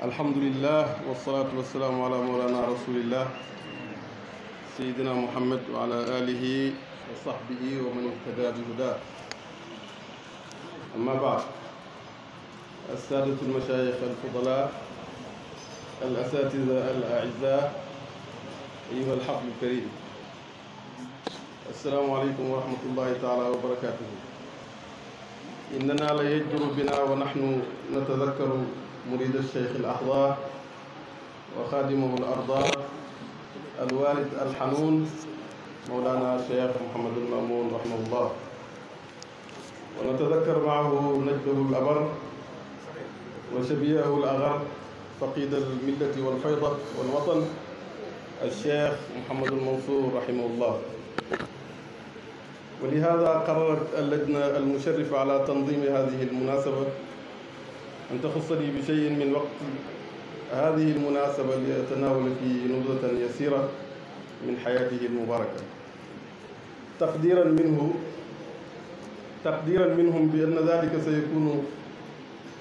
alhamdulillah wasalaatu wasalaamu ala mawlana rasulillah sayidina muhammad wa ala alihi wa sahbihi wa man ihtada bi huda amma baad assaadatu almashaayix alfudala الأساتذة الأعزاء أيها الحفل الكريم السلام عليكم ورحمة الله تعالى وبركاته إننا ليجدر بنا ونحن نتذكر مريد الشيخ الأحضار وخادمه الأرضاء الوالد الحنون مولانا الشيخ محمد المأمون رحمه الله ونتذكر معه نجده الأبر وشبيهه الأغر فقيد الملة والفيضة والوطن الشيخ محمد المنصور رحمه الله ولهذا قررت اللجنة المشرفة على تنظيم هذه المناسبة أن تخصني بشيء من وقت هذه المناسبة لأتناول فيه نبذة يسيرة من حياته المباركة تقديرا منه تقديرا منهم بأن ذلك سيكون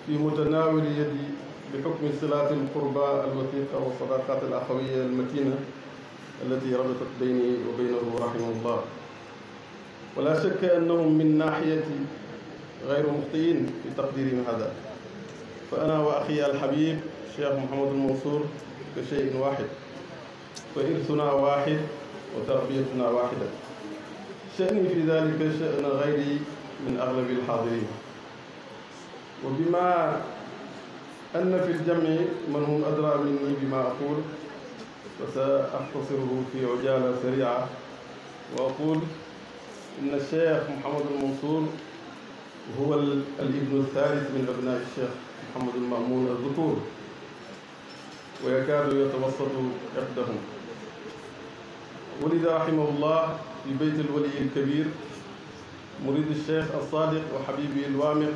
في متناول يدي بحكم صلات القربى الوثيقة والصداقات الأخوية المتينة التي ربطت بيني وبينه رحمه الله ولا شك أنهم من ناحيتي غير مخطئين في تقديرهم هذا fa ana wa axi alxabib cheikh mohamadul mansour ka cheyin waxid fa irsuna waxid wa tarbiyatuna waxida chani fi dalika chana gayri min aglabi alxaadirin wa bima anna fi ljami man hum adra minni bima aqul فسأختصره في عجالة سريعة وأقول إن الشيخ محمد المنصور هو الابن الثالث من أبناء الشيخ Muhammadul Mamoun az-Zukur wa yakaadu yatawassatu iqdahum ولد رحمه الله في بيت الولي الكبير مريد الشيخ الصادق وحبيبه الوامق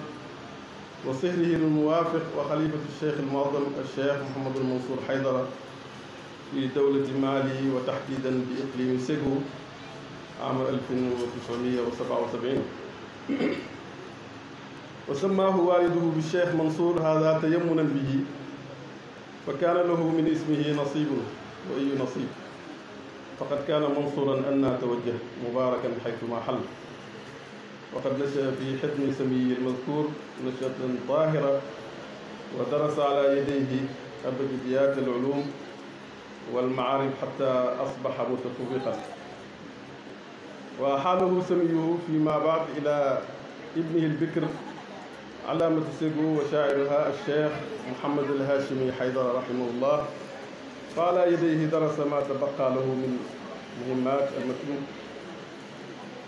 وصهره الموافق وخليفة الشيخ المعظم الشيخ محمد المنصور حيدرة في دولة مالي وتحديدا بإقليم سيغو عام 1977 wa sammaahu waaliduhu bi cheikh mansour hada tayammunan bihi fa kaana lahu min ismihi nasibun wa ayu nasib faqad kaana mansuran anna tawajjah mubarakan xaytuma xal وقد نشأ في حضن سمي المذكور نشأة طاهرة ودرس على يديه أبجديات العلوم والمعارف حتى أصبح متفوقا وأحاله سميه فيما بعد إلى ابنه البكر alaamatu sigu wa shaa'iruha alcheikh Mouhamad Alhashimi Haydara rahimahullah wa ala yadayhi darasa ma tabaqa lahu min muhimmat almatlub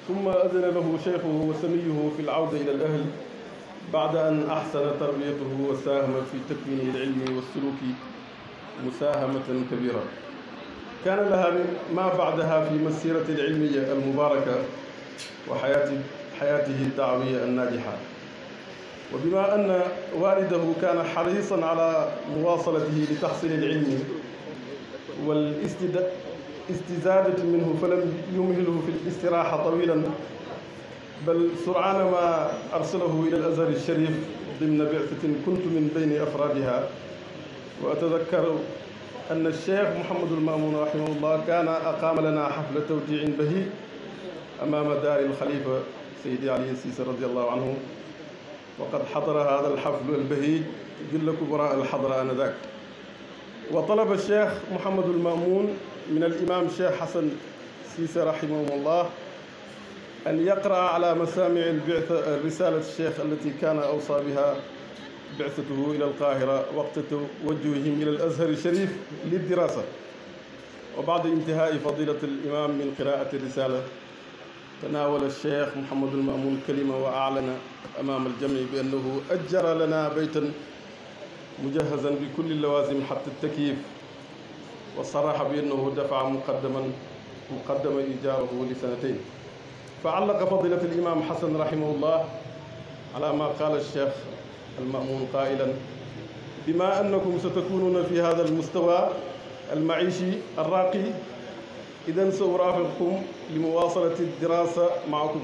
summa adina lahu cheikhuhu wa samiyuhu fi alawda ila alahl baada an axsana tarbiyatuhu wa saahama fi takwini alilmi walsuluki musaahamatan kabira kaana laha ma baadaha fi masirati alilmiya almubaraka wa xayaati xayaatihi aldaawiya annaajiha wa bima anna waalidahu kaana xarisan ala muwaasalatihi li taxsili alilmi wal istizaadati minhu falam yumhilhu fi listiraaxa tawilan bal sur'aana ma arsalahu ila al-azhar al-sharif ضمن بعثة كنت من بين أفرادها وأتذكر أن الشيخ محمد المأمون رحمه الله كان أقام لنا حفل توجيع بهي أمام دار الخليفة سيدي علي السيسي رضي الله عنه وقد حضر هذا الحفل البهيج جل كبراء الحضرة آنذاك وطلب الشيخ محمد المأمون من الإمام الشيخ حسن سيسي رحمه الله أن يقرأ على مسامع البعثة رسالة الشيخ التي كان أوصى بها بعثته إلى القاهرة وقت توجههم إلى الأزهر الشريف للدراسة وبعد انتهاء فضيلة الإمام من قراءة الرسالة تناول الشيخ محمد المأمون كلمة وأعلن أمام الجميع بأنه أجر لنا بيتا مجهزا بكل اللوازم حتى التكييف وصرح بأنه دفع مقدما مقدم إيجاره لسنتين فعلق فضيلة الإمام حسن رحمه الله على ما قال الشيخ المأمون قائلا بما أنكم ستكونون في هذا المستوى المعيشي الراقي إذا سأرافقكم لمواصلة الدراسة معكم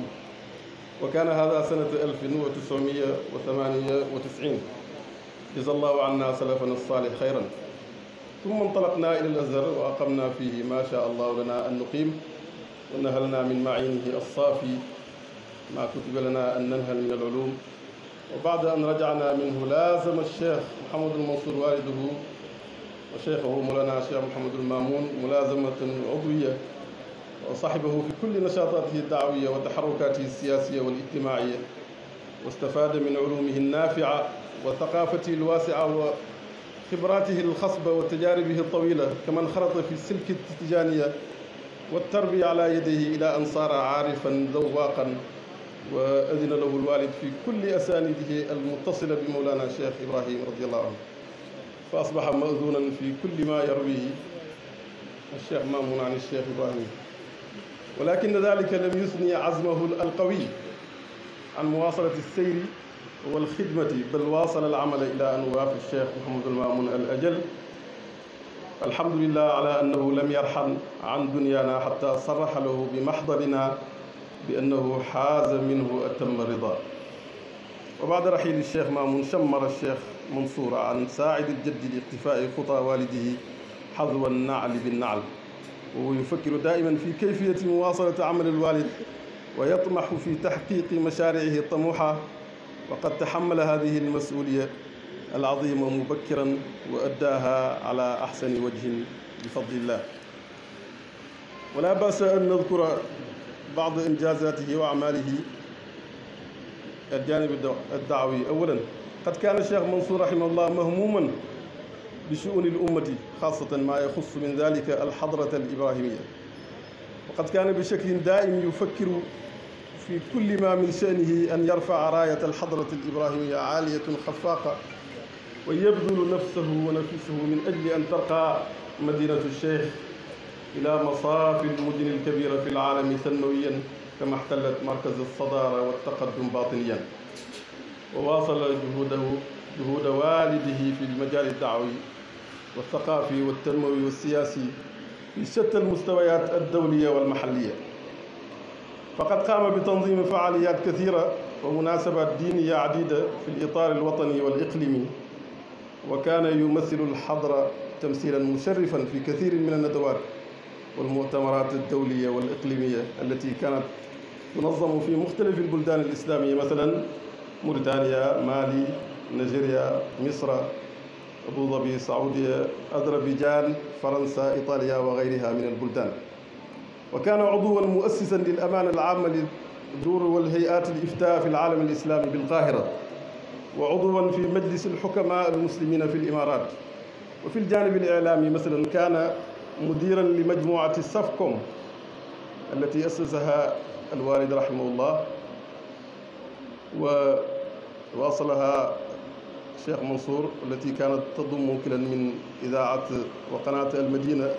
وكان هذا سنة 1998 جزا الله عنا سلفنا الصالح خيرا ثم انطلقنا إلى الأزهر وأقمنا فيه ما شاء الله لنا أن نقيم ونهلنا من معينه الصافي ما كتب لنا أن ننهل من العلوم وبعد أن رجعنا منه لازم الشيخ محمد المنصور والده wa cheikhahu mawlana cheikh Mouhamadul Mamoun mulaazamatan udwiya wa saxibahu fi kulli nashaataatihi daawiya wa taxarukaatihi siyaasiya wal ijtimaaciya wastafaada min culuumihi naafica wa thaqaafatihi lwaasica wa xibraatihi alxasba wa tajaaribihi tawila kaman xarata fi silki tijaaniya والتربية على يديه إلى أن صار عارفا ذواقا وأذن له الوالد في كل أسانيده المتصلة بمولانا الشيخ إبراهيم رضي الله عنه fa asbaxa mazunan fi kulli ma yarwihi alcheikh maamun an alcheikh ibrahim walakin dalika lam yusni azmahu alqawi an muwasalati seyri walxidmati bal waasala alamala ila an waafi alcheikh mohamad almaamun al ajal alhamdulillah ala annahu lam yarxan an dunyaana xata saraxa lahu bi maxdarina bi annahu xaaza minhu atamma rida wa baada raxiili cheikh maamun chammara cheikh mansoura an saaidi ljaddi li iqtifaai xutaa waalidihi xadwa nnaali binnaal wa yufakiru daaiman fi kayfiyati muwaasalati amali alwaalid wa yatmaxu fi taxqiiqi mashaariihi tamuuxa wa qad taxamala hadihi almasuuliya alazima mubakkiran wa addaaha ala axsani wajhin bifadlillah wala baasa an nadkura baada injaazaatihi wa amaalihi الجانب الدعوي أولا قد كان الشيخ منصور رحمه الله مهموما بشؤون الأمة خاصة ما يخص من ذلك الحضرة الإبراهيمية وقد كان بشكل دائم يفكر في كل ما من شأنه أن يرفع راية الحضرة الإبراهيمية عالية خفاقة ويبذل نفسه ونفسه من أجل أن ترقى مدينة الشيخ إلى مصاف المدن الكبيرة في العالم سنويا كما احتلت مركز الصدارة والتقدم باطنيا وواصل جهوده جهود والده في المجال الدعوي والثقافي والتنموي والسياسي في شتى المستويات الدولية والمحلية فقد قام بتنظيم فعاليات كثيرة ومناسبات دينية عديدة في الإطار الوطني والإقليمي وكان يمثل الحضر تمثيلا مشرفا في كثير من الندوات والمؤتمرات الدولية والإقليمية التي كانت منظم في مختلف البلدان الإسلامية مثلا موريتانيا مالي نيجيريا مصر أبو ظبي السعودية أذربيجان فرنسا إيطاليا وغيرها من البلدان وكان عضوا مؤسسا للأمانة العامة للدور والهيئات الإفتاء في العالم الإسلامي بالقاهرة وعضوا في مجلس الحكماء المسلمين في الإمارات وفي الجانب الإعلامي مثلا كان مديرا لمجموعة السفكوم التي أسسها alwaalid rahimahullah wa waasalaha Cheikh Mansour allati kaanat tadumu kilan min idaat wa qanaat almadina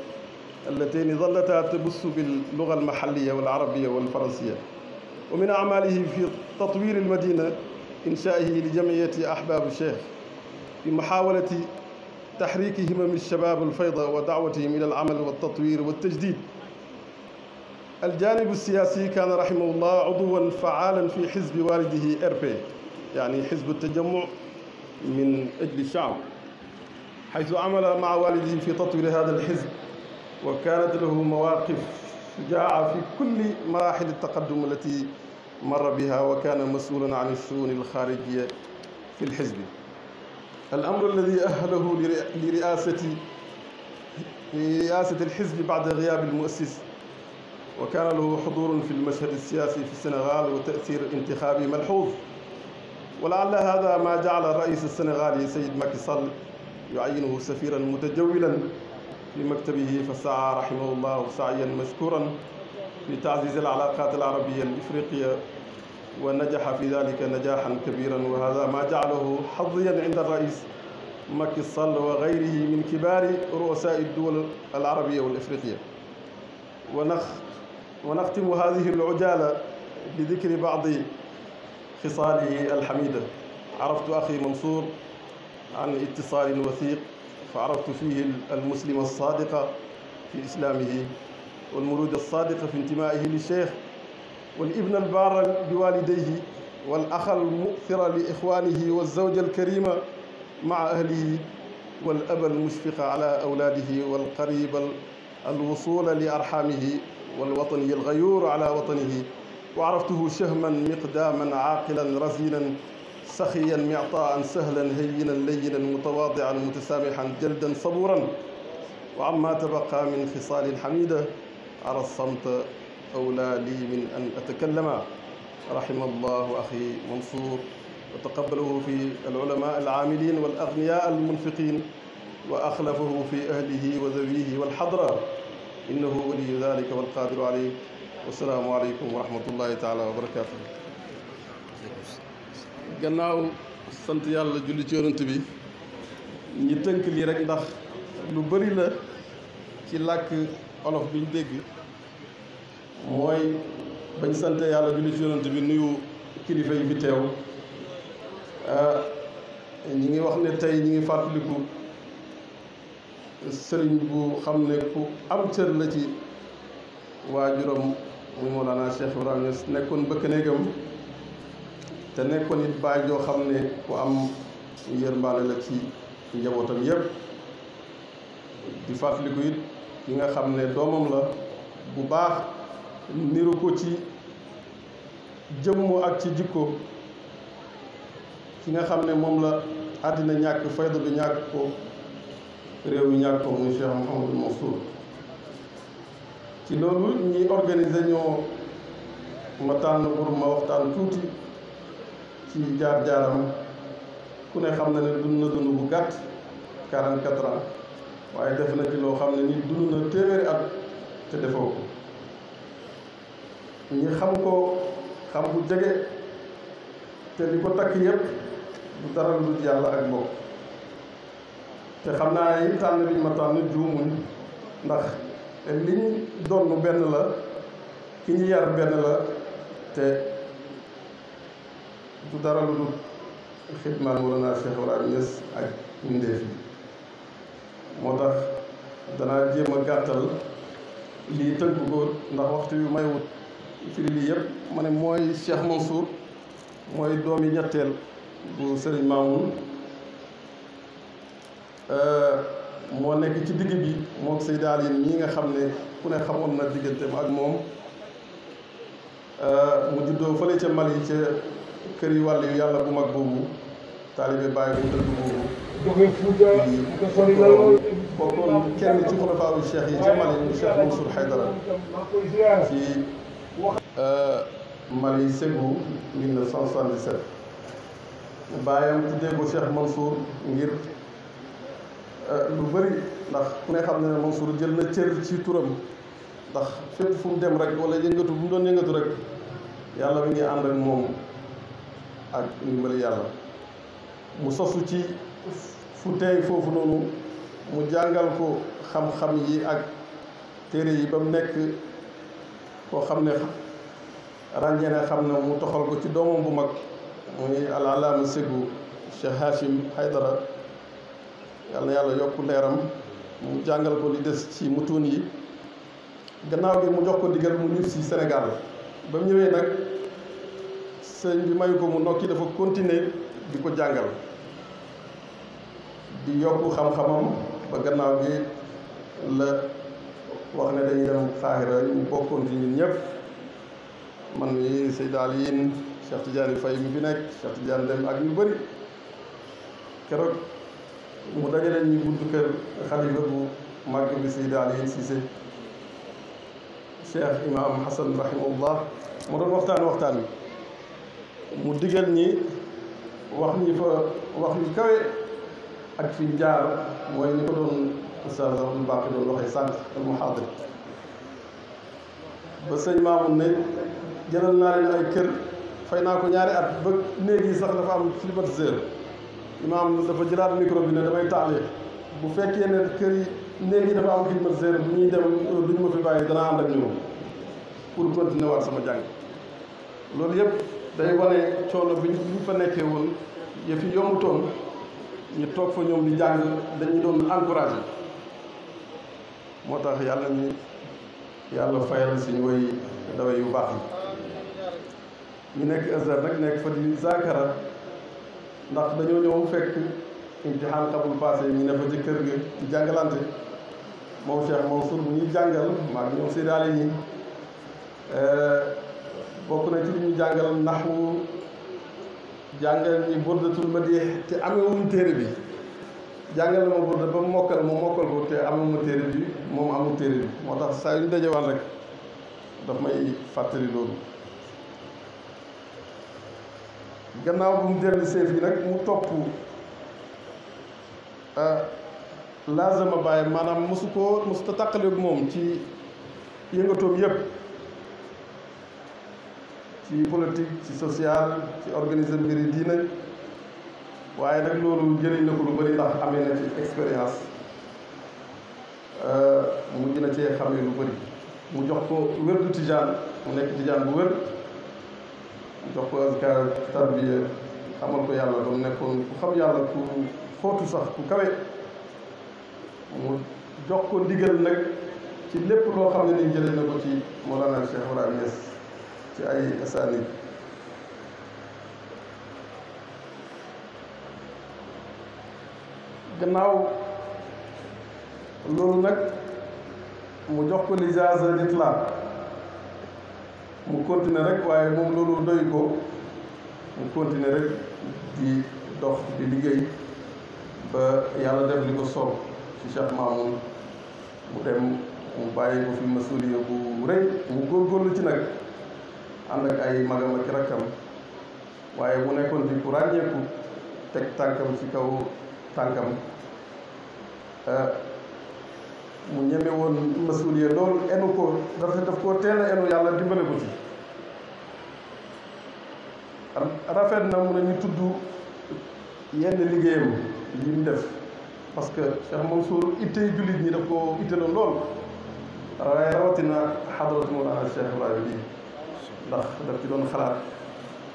allatayni zallata tabussu billuga almahalliya walarabia walfaransiya wa min acmaalihi fi tatwir almadina inshaa'ihi lijamciyati ahbaabi Cheikh fi muxaawalati taxriiki himami alshabaab alfayda wa dacwatihim ila alcamal waltatwir waltajdid الجانب السياسي كان رحمه الله عضوا فعالا في حزب والده إربي يعني حزب التجمع من أجل الشعب حيث عمل مع والده في تطوير هذا الحزب وكانت له مواقف شجاعة في كل مراحل التقدم التي مر بها وكان مسؤولا عن الشؤون الخارجية في الحزب الأمر الذي أهله لرئاسة رئاسة الحزب بعد غياب المؤسس وكان له حضور في المشهد السياسي في السنغال وتأثير انتخابي ملحوظ ولعل هذا ما جعل الرئيس السنغالي سيد ماكي سال يعينه سفيرا متجولا في مكتبه فسعى رحمه الله سعيا مشكورا في تعزيز العلاقات العربية الإفريقية ونجح في ذلك نجاحا كبيرا وهذا ما جعله حظيا عند الرئيس ماكي سال وغيره من كبار رؤساء الدول العربية والإفريقية ونخ ونختم هذه العجالة بذكر بعض خصاله الحميدة عرفت أخي منصور عن اتصال وثيق فعرفت فيه المسلم الصادق في إسلامه والمرود الصادق في انتمائه للشيخ والابن البار بوالديه والأخ المؤثر لإخوانه والزوجة الكريمة مع أهله والأب المشفق على أولاده والقريب الوصول لأرحامه والوطني الغيور على وطنه وعرفته شهما مقداما عاقلا رزينا سخيا معطاء سهلا هينا لينا متواضعا متسامحا جلدا صبورا وعما تبقى من خصال حميدة على الصمت أولى لي من أن أتكلم رحم الله أخي منصور وتقبله في العلماء العاملين والأغنياء المنفقين وأخلفه في أهله وذويه والحضرة innahu waliyu dalika wal qadiru alayhi wasalaamu aleykum wa rahmatullahi taala wa barakaatu. gannaaw sant yàlla julli ci bi ñi tënk lii rek ndax lu bëri ci lakk olof bi ñu dégg mooy bañ sant yàlla julli ci bi nuyu kilifa yi fi teew ah, ñi ngi wax ne tey ñi ngi fàttaliku sëriñ bu xam ne ku am cër la ci waajuram muy Mawlana Cheikh Ibrahima Niass nekkoon bëkk néegam te nekkoon it baay joo xam ne ku am yërmande la ci njabootam yépp di fàttaliku it ki nga xam ne doomam la bu baax niru ko ci jëmmu ak ci jikko ki nga xam ne moom la àddina ñàkk fayda bi ñàkk ko réew mi ñàkk ko muy Cheikh Mouhamadul Mansour ci loolu ñi organiser ñoo ma tànn pour ma waxtaan tuuti ci jaar-jaaram ku ne xam na ne bu gàtt 44 waaye def na ci loo xam ne ni dund na téeméeri at te defoo ko ñi xam ko xam bu jege te li ko takk yépp du dara lu dul yàlla ak bokk te xam naa yi tànn biñ ma tànn juumuñ ndax liñ donn benn la ki ñu yar benn la te du dara lu dul xidmaat Mawlana Cheikh Ibrahima Niass ak mbindéef yi moo tax danaa jéem a gàttal lii tënk ko ndax waxtu yu may wut firi lii yëpp ma ne mooy Cheikh Mansour mooy doomi ñetteel bu Serigne Mamoun Euh, moo nekk ci digg bi moog Seyda Aliyu mii nga xam ne ku ne xamoon na diggante ak moom euh, mu juddoo fële ca Mali ca kër yu wàll yu yàlla bu mag boobu taalibe bàyyi bu dëkk boobu. jóge Fuuta nga sori la lool. bokkoon kenn ci xulafaawu cheikh yi ca Mali mu Cheikh Mansour Haydara ci euh, Mali Ségou 1977. baayam tuddee ko Cheikh Mansour ngir. Euh, lu bari ndax ku ne xam ne Mansour jël na cër ci turam ndax fépp fu mu dem rek wala yëngatu bu mu doon yëngatu rek yàlla mi ngi ànd ak moom ak ndimbali yàlla mu sosu ci fu tey foofu noonu mu jàngal ko xam-xam yi ak téere yi ba mu nekk koo xam ne ràññee na xam na mu toxal ko ci doomam bu mag muy alaalaama ségu Cheikh Hachim Haydara yàlla na yàlla yokk leeram mu jàngal ko li des ci mutuun yi gannaaw bi mu jox ko digal mu ñib si Sénégal ba mu ñëwee nag sëñ bi mayu ko mu nokki dafa continuer di ko jàngal di yokk xam-xamam ba gannaaw bi la wax ne dañuy dem xaaxira ñu bokkoon ci ñun ñëpp man mi Seydi Aliyin Cheikh Tidiane Faye mi fi nekk Cheikh Tidiane dem ak ñu bëri keroog mu dajaleen ñu buntu kër xalifa bu màgg bi Seydi Aliou Cissé Cheikh Imam Hassan rahimahullah mu doon waxtaan ñi wax ñi fa wax ñu kawe ak fi jaar mooy ñi ko doon ustaz Abdou Bakhi doon waxee sànq al ba sëñ Maamun ne jëlal naa leen ay kër fay naa ko ñaari at ba néeg yi sax dafa am climatiseur imaam dafa jëlaat micro bi ne damay taaliq bu fekkee ne kër yi néeg yi dafa am climatiseur bu ñuy dem euh, duñ ma fi bàyyi danaa ànd ak ñoom pour continuer waat sama jàng loolu yëpp day wane coono bi ñu fa nekkee woon yëf yi yombutoon ñu toog fa ñoom di jàng dañuy doon encouragé moo tax yàlla ñu yàlla fayal suñu woy daway yu baax yi ñu nekk Azhar nag nekk fa di zaakara ndax dañoo ñëw fekk imtixaan xabul passé ñu ne fa ci kër gi di jàngalante moom Cheikh Mansour bu ñuy jàngal maa ngi ñëw séddaale ñi eh, bokk na ci li ñu jàngal naxwu jàngal ñi burdatul madih te amewuñ téere bi jàngal ma burda ba mokkal ma mokkal ko te amuma téere bi moom amul téere bi moo tax saa yu ñu dajewaan rek daf may fàttali loolu gannaaw bu mu dellu see fii nag mu topp euh, laazama bàyyi maanaam mosu koo mosu ta bu moom ci yëngatoom yépp ci politique ci social ci organiser mbiri diina waaye nag loolu jëriñ na ko lu bëri ndax amee na ci expérience euh, mu dina cee xamee lu bëri mu jox ko wér du tijaan mu nekk tijaan bu wér jox ko askar tarbiya xamal ko yàlla ba mu nekkoon ku xam yàlla ku xóotu sax ku kawe mu jox ko ndigal nag ci lépp loo xam ne ni jëlee na ko ci Mawlana Cheikh Ibrahima Niass ci ay asaani gannaaw loolu nag mu jox ko lijaasa litlaa mu continuer rek waaye moom loolu doy ko mu continuer rek di dox di liggéey ba yàlla def li ko soob ci Cheikh Mamoun mu dem mu bàyyi ko fi masuliya bu rëy mu góorgóorlu ci nag ànd ak ay magam ak rakkam waaye mu nekkoon fi ku ràññeeku teg tànkam si kaw tànkam euh, mu ñeme woon masuuliya loolu enu ko dafa daf koo teel enu yàlla dimbale ko ci rafet na mun nañu tudd yenn liggéeyam li mu def parce que Cheikh Mansour ittey jullit ñi daf ko itteeloon lool waaye rawatina xadaratu Mawlana Cheikh Ibrahima bi ndax daf ci doon xalaat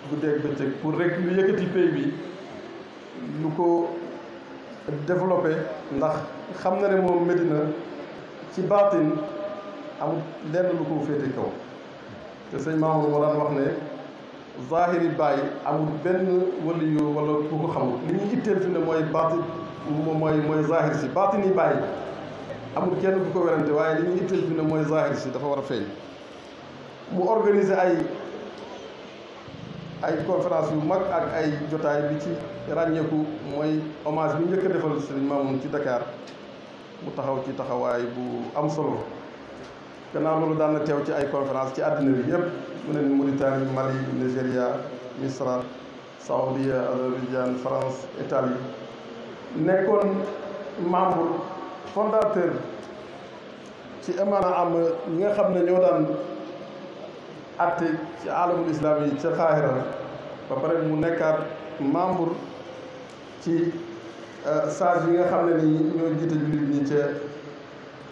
guddeeg bëccëg pour rek lu yëkkati pays bi lu ko développé ndax xam na ne moom Medina ci baatin amul lenn lu ko féete kaw te sëñ Mamour moo daan wax ne zahiri bàyyi amul benn waliyu wala ku ko xamul li ñuy itteel fi ne mooy baatin mooy mooy zahir si baatin bàyyi amul kenn ku ko werante waaye li ñuy itteel fi ne mooy zahir si dafa war a feeñ mu organiser ay ay conférence yu mag ak ay jotaay bi ci ràññeeku mooy hommage bi njëkk a defal sëñ Mamour ci dakaar mu taxaw ci taxawaay bu am solo gannaaw loolu daan na teew ci ay conférence ci àddina bi yëpp mu ne ni Mauritanie Mali Nigéria Misra Saoudia Azerbaïdjan France Italie nekkoon membre fondateur ci émana am ñi nga xam ne ñoo daan atte ci alamul islam yi ca xaahira ba pare mu nekkaat membre ci Euh, sages yi nga xam ne nii ñoo jiite jullit ñi ca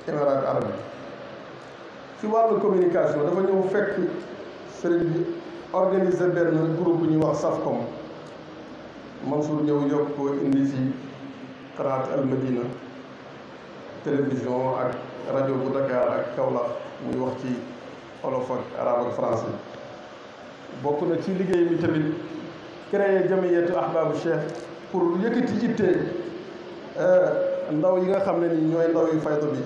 émirats arabes ci wàllu communication dafa ñëw fekk sëriñ bi organiser benn groupe bu ñuy wax SAFCOM Mansour ñëw yokk ko indi ci xalaat al Madina télévision ak rajo bu Dakar ak Kaolack muy wax ci olof ak arabe ak français bokk na ci liggéey bi tamit créer jamiyatu ahbaabu cheikh pour yëkkati yitte euh, ndaw yi nga xam ne ni ñooy ndaw yu fayda bi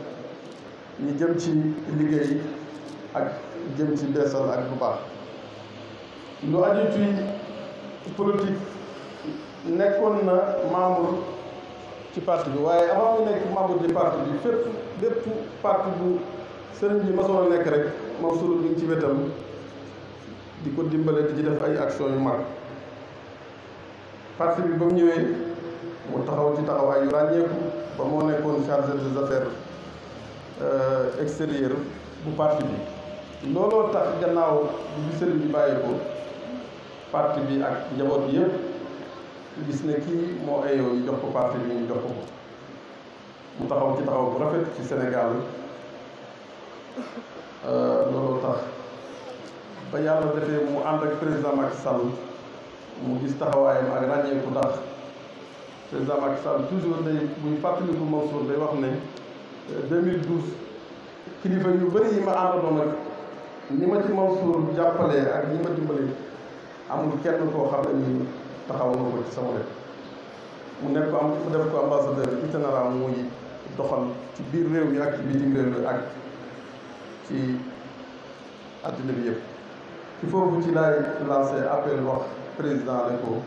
ñu jëm ci liggéey ak jëm ci ndeesal ak bu baax lu aju ci politique nekkoon na membre ci parti bi waaye avant mu nekk membre ci parti bi fépp bépp parti bu sëriñ bi masoon a nekk rek moom suru bi ci wetam di ko dimbale di ci def ay action parti bi ba mu ñëwee mu taxaw ci taxawaay yu ràññeeku ba moo nekkoon chargé des affaires euh, extérieures bu parti bi looloo tax gannaaw bi sëriñ bi bàyyi ko parti bi ak njaboot bi gis ne kii moo ayoo ñu jox ko parti bi ñu jox ko mu taxaw ci taxaw bu rafet ci Sénégal euh, looloo tax ba yàlla defee mu ànd ak président Macky Sall mu gis taxawaayam ak ràññee ku tax président Macky Sall toujours day muy fàttaliku Mansour day wax ne 2012 euh, kilifa yu bëri yi ma àndaloon ak ni ma ci Mansour jàppalee ak ñi ma dimbali amul kenn koo xam ne ni taxaw na ko ci sama wet mu nekk ko am mu def ko ambassadeur itinéraire muy doxal ci biir réew mi ak ci bitim réew ak ci àddina bi yëpp ci foofu ci laay lancé appel wax président la ko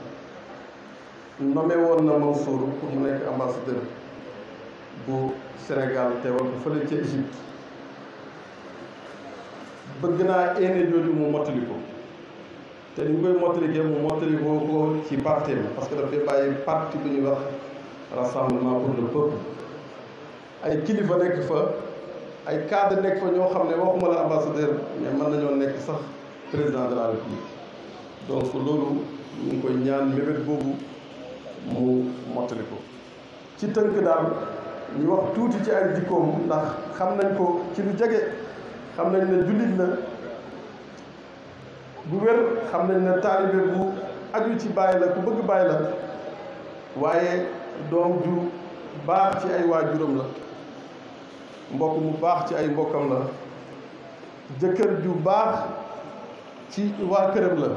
nommé woon na Mansour pour mu nekk ambassadeur bu Sénégal teewal ko fële ca Égypte bëgg naa ene jooju mu mottali ko te ni ñu koy mottalikee mottali ko ko ci parti bi parce que dafay bàyyi parti bu ñuy wax rassemblement pour le peuple ay kilifa nekk fa ay cadre nekk fa ñoo xam ne waxuma la ambassadeur mais mën nañoo nekk sax président de la république donc loolu ñu koy ñaan mébét boobu mu mottali ko ci tënk daal ñu wax tuuti ci ay jikkoom ndax xam nañ ko ci lu jege xam nañ ne jullit la bu wér xam nañ ne taalibe bu aju ci bàyyi la ku bëgg bàyyi la waaye doom ju baax ci ay waajuram la mbokk mu baax ci ay mbokkam la jëkkër ju baax ci waa këram la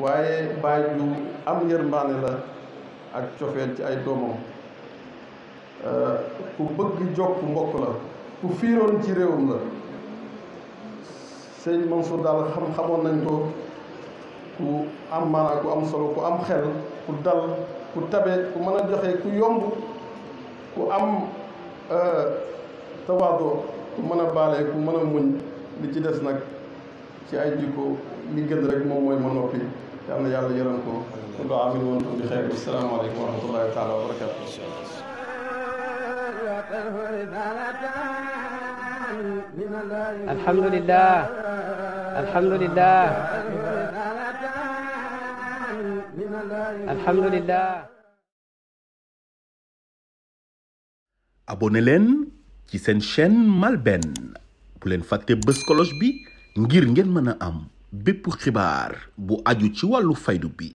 waaye baay ju am yërmaane la ak cofeel ci ay doomam eh, ku bëgg jokk mbokk la ku fiiroon ci réewam la sëñ Mansour daal xam-xamoon nañ ko ku am maanaa ku am solo ku am xel ku dal ku tabe ku mën a joxe ku yomb ku am eh, tawaado ku mën a baale ku mën a muñ li ci des nag ci ay jikko li gën rek moom mooy ma noppi yal na yàlla yërëm ko kullu aamin wa antum bi xeyr asalaamaaleykum wa rahmatullahi taala wa barakaatu alhamdulillah alhamdulillah alhamdulillah abonné leen ci seen chaîne MALBN bu leen fàtte bës cloche bi ngir ngeen mën a am bépp xibaar bu aju ci wàllu faydu bi